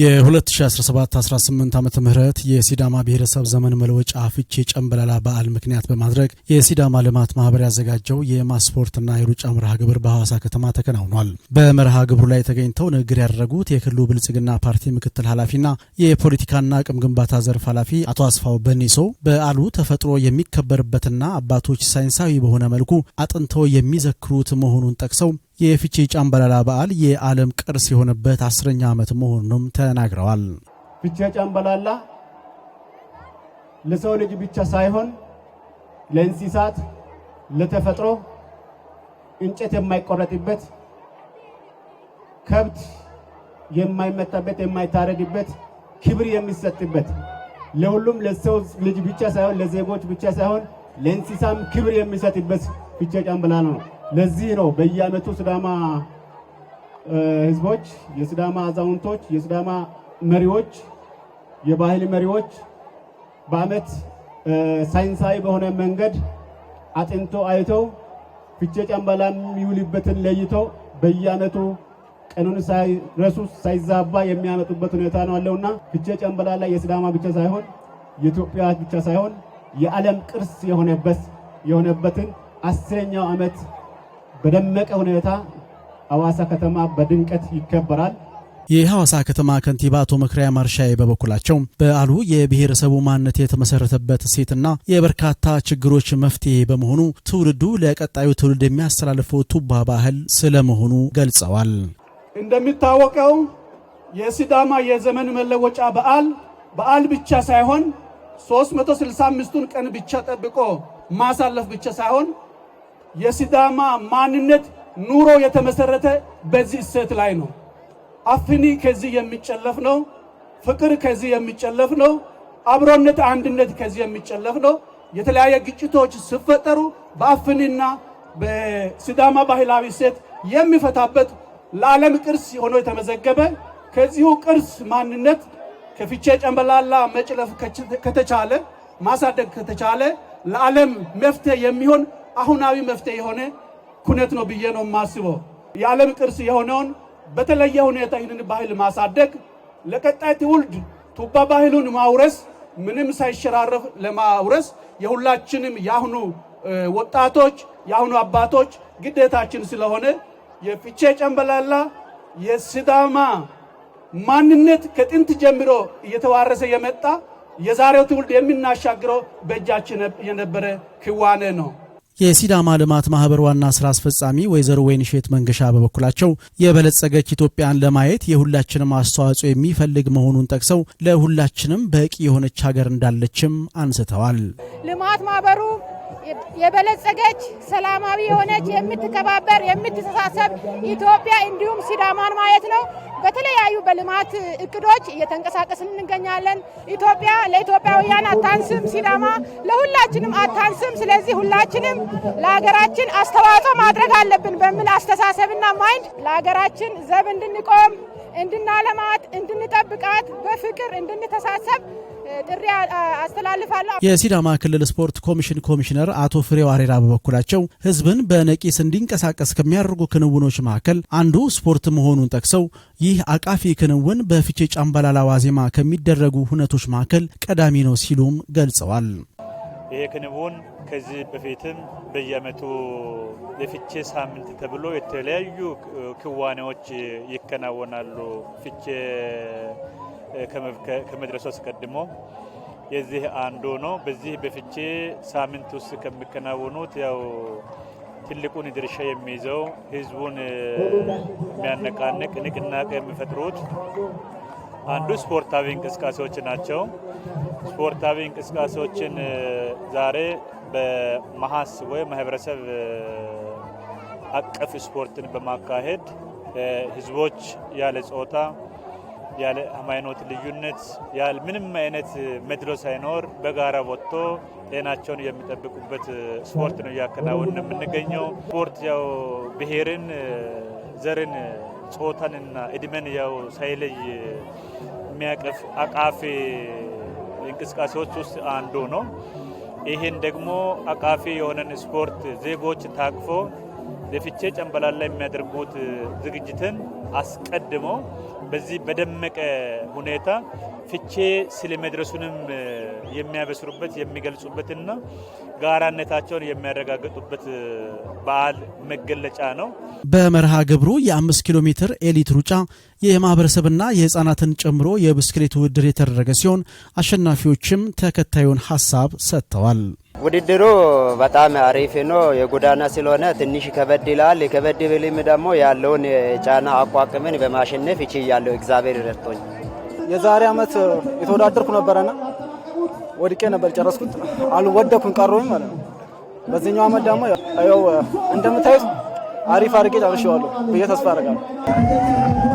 የ2017-18 ዓመተ ምህረት የሲዳማ ብሔረሰብ ዘመን መለወጫ ፍቼ ጨምበላላ በዓል ምክንያት በማድረግ የሲዳማ ልማት ማህበር ያዘጋጀው የማስፖርትና የሩጫ መርሃ ግብር በሐዋሳ ከተማ ተከናውኗል። በመርሃ ግብሩ ላይ ተገኝተው ንግግር ያደረጉት የክልሉ ብልጽግና ፓርቲ ምክትል ኃላፊና የፖለቲካና አቅም ግንባታ ዘርፍ ኃላፊ አቶ አስፋው በኒሶ በዓሉ ተፈጥሮ የሚከበርበትና አባቶች ሳይንሳዊ በሆነ መልኩ አጥንተው የሚዘክሩት መሆኑን ጠቅሰው የፍቼ ጫምበላላ በዓል የዓለም ቅርስ የሆነበት አስረኛ ዓመት መሆኑንም ተናግረዋል። ፍቼ ጫምበላላ ለሰው ልጅ ብቻ ሳይሆን ለእንስሳት፣ ለተፈጥሮ እንጨት የማይቆረጥበት ከብት የማይመጣበት የማይታረድበት ክብር የሚሰጥበት ለሁሉም ለሰው ልጅ ብቻ ሳይሆን ለዜጎች ብቻ ሳይሆን ለእንስሳም ክብር የሚሰጥበት ፍቼ ጫምበላላ ነው። ለዚህ ነው በየዓመቱ ስዳማ ህዝቦች፣ የስዳማ አዛውንቶች፣ የስዳማ መሪዎች፣ የባህል መሪዎች በዓመት ሳይንሳዊ በሆነ መንገድ አጥንቶ አይተው ፍቼ ጨምባላም የሚውልበትን ለይቶ በየዓመቱ ቀኑን ሳይረሱ ሳይዛባ የሚያመጡበት ሁኔታ ነው ያለውና ፍቼ ላይ የስዳማ ብቻ ሳይሆን የኢትዮጵያ ብቻ ሳይሆን የዓለም ቅርስ የሆነበት የሆነበትን አስረኛው ዓመት በደመቀ ሁኔታ ሐዋሳ ከተማ በድምቀት ይከበራል። የሐዋሳ ከተማ ከንቲባ አቶ መክሪያ ማርሻዬ በበኩላቸው በዓሉ የብሔረሰቡ ማንነት የተመሰረተበት እሴትና የበርካታ ችግሮች መፍትሄ በመሆኑ ትውልዱ ለቀጣዩ ትውልድ የሚያስተላልፈው ቱባ ባህል ስለመሆኑ ገልጸዋል። እንደሚታወቀው የሲዳማ የዘመን መለወጫ በዓል በዓል ብቻ ሳይሆን 365ቱን ቀን ብቻ ጠብቆ ማሳለፍ ብቻ ሳይሆን የሲዳማ ማንነት ኑሮ የተመሰረተ በዚህ እሴት ላይ ነው። አፍኒ ከዚህ የሚጨለፍ ነው። ፍቅር ከዚህ የሚጨለፍ ነው። አብሮነት፣ አንድነት ከዚህ የሚጨለፍ ነው። የተለያየ ግጭቶች ሲፈጠሩ በአፍኒና በሲዳማ ባህላዊ እሴት የሚፈታበት ለዓለም ቅርስ ሆኖ የተመዘገበ ከዚሁ ቅርስ ማንነት ከፊቼ ጨምበላላ መጭለፍ ከተቻለ ማሳደግ ከተቻለ ለዓለም መፍትሄ የሚሆን አሁናዊ መፍትሄ የሆነ ኩነት ነው ብዬ ነው የማስበው። የዓለም ቅርስ የሆነውን በተለየ ሁኔታ ይህንን ባህል ማሳደግ፣ ለቀጣይ ትውልድ ቱባ ባህሉን ማውረስ፣ ምንም ሳይሸራረፍ ለማውረስ የሁላችንም የአሁኑ ወጣቶች የአሁኑ አባቶች ግዴታችን ስለሆነ የፊቼ ጨምበላላ የስዳማ ማንነት ከጥንት ጀምሮ እየተዋረሰ የመጣ የዛሬው ትውልድ የምናሻግረው በእጃችን የነበረ ክዋኔ ነው። የሲዳማ ልማት ማህበር ዋና ስራ አስፈጻሚ ወይዘሮ ወይንሼት መንገሻ በበኩላቸው የበለጸገች ኢትዮጵያን ለማየት የሁላችንም አስተዋጽኦ የሚፈልግ መሆኑን ጠቅሰው ለሁላችንም በቂ የሆነች ሀገር እንዳለችም አንስተዋል። ልማት ማህበሩ የበለጸገች ሰላማዊ የሆነች የምትከባበር፣ የምትተሳሰብ ኢትዮጵያ እንዲሁም ሲዳማን ማየት ነው። በተለያዩ በልማት እቅዶች እየተንቀሳቀስን እንገኛለን። ኢትዮጵያ ለኢትዮጵያውያን አታንስም፣ ሲዳማ ለሁላችንም አታንስም። ስለዚህ ሁላችንም ለሀገራችን አስተዋጽኦ ማድረግ አለብን በሚል አስተሳሰብና ማይንድ ለሀገራችን ዘብ እንድንቆም እንድናለማት፣ እንድንጠብቃት፣ በፍቅር እንድንተሳሰብ ጥሪ አስተላልፋለሁ። የሲዳማ ክልል ስፖርት ኮሚሽን ኮሚሽነር አቶ ፍሬው አሬራ በበኩላቸው ህዝብን በነቂስ እንዲንቀሳቀስ ከሚያደርጉ ክንውኖች መካከል አንዱ ስፖርት መሆኑን ጠቅሰው ይህ አቃፊ ክንውን በፍቼ ጫምባላላ ዋዜማ ከሚደረጉ ሁነቶች መካከል ቀዳሚ ነው ሲሉም ገልጸዋል። ይሄ ክንውን ከዚህ በፊትም በየአመቱ የፍቼ ሳምንት ተብሎ የተለያዩ ክዋኔዎች ይከናወናሉ ፍቼ ከመድረሱ አስቀድሞ የዚህ አንዱ ነው። በዚህ በፍቼ ሳምንት ውስጥ ከሚከናወኑት ያው ትልቁን ድርሻ የሚይዘው ህዝቡን የሚያነቃንቅ ንቅናቄ የሚፈጥሩት አንዱ ስፖርታዊ እንቅስቃሴዎች ናቸው። ስፖርታዊ እንቅስቃሴዎችን ዛሬ በመሀስ ወይ ማህበረሰብ አቀፍ ስፖርትን በማካሄድ ህዝቦች ያለ ጾታ ያለ ሃይማኖት ልዩነት ያለ ምንም አይነት መድሎ ሳይኖር በጋራ ወጥቶ ጤናቸውን የሚጠብቁበት ስፖርት ነው እያከናወን የምንገኘው። ስፖርት ያው ብሔርን፣ ዘርን፣ ጾታንና እድሜን ያው ሳይለይ የሚያቀፍ አቃፊ እንቅስቃሴዎች ውስጥ አንዱ ነው። ይህን ደግሞ አቃፊ የሆነን ስፖርት ዜጎች ታቅፎ ለፍቼ ጨንበላላ የሚያደርጉት ዝግጅትን አስቀድሞ በዚህ በደመቀ ሁኔታ ፍቼ ስለመድረሱንም የሚያበስሩበት የሚገልጹበትና ጋራነታቸውን የሚያረጋግጡበት በዓል መገለጫ ነው። በመርሃ ግብሩ የአምስት ኪሎ ሜትር ኤሊት ሩጫ የማህበረሰብና የህፃናትን ጨምሮ የብስክሌት ውድድር የተደረገ ሲሆን አሸናፊዎችም ተከታዩን ሀሳብ ሰጥተዋል። ውድድሩ በጣም አሪፍ ነው። የጎዳና ስለሆነ ትንሽ ከበድ ይላል። ከበድ ብልም ደግሞ ያለውን ጫና አቋቅምን በማሸነፍ ይቺ ያለው እግዚአብሔር ረድቶኝ የዛሬ ዓመት የተወዳደርኩ ነበረና ወድቄ ነበር ጨረስኩት። አልወደኩም ቀሩኝ ማለት ነው። በዚህኛው ዓመት ደግሞ ያው እንደምታዩት አሪፍ አድርጌ ጨርሼዋለሁ ብዬ ተስፋ አደርጋለሁ።